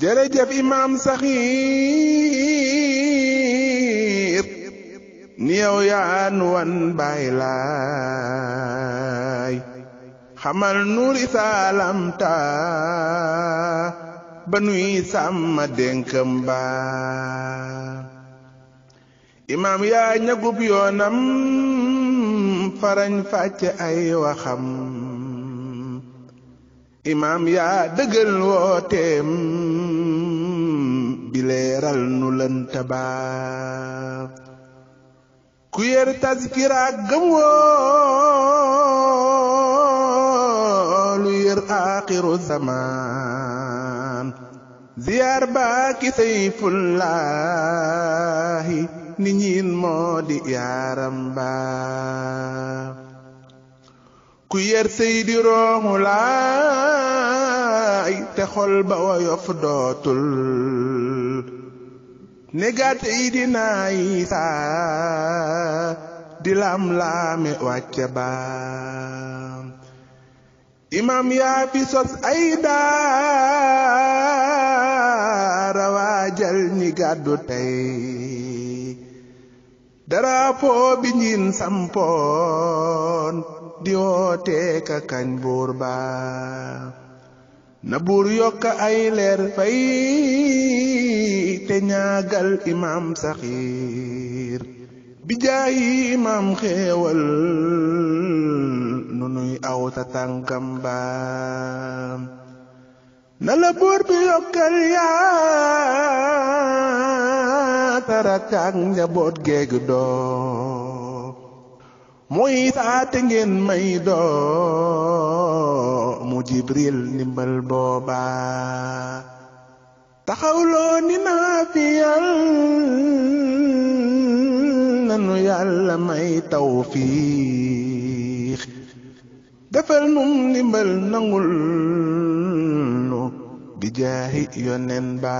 jërëjëf imaam saxiir ni yow yaan wan baay laay xamal nu risaalam taa ba nuy sàmma dénkam ba imaam yaa ñagub yoonam farañ fàcce ay waxam imaam yaa dëggal wooteem lënta ba ku yer taskira ak gëm woolu yer aaxiru zamaan ziyaar baa ki sayfullaahi ni ñiin moo di yaaram ku yer seydi rooxu te xol ba woyof negate yidina isa dilam laame wacce ba imam yaafisos ayda rawajal ni gaddo tay darapo bi ñin sampoon di wootee ka kañ buurbaa na buur yokk ay leer fay te ñaagal imaam saxiir bi jaayi imaam xeewal nu nuy aw tànkam baam na la buur bi yokkal yaa tarataak njaboot geeg doo muy saate ngeen may doo jibril ndimbal booba taxawloo ni naa fi yal nanu yàlla may tawfiix defal num ndimbal nangul nu bi jaahi yonen ba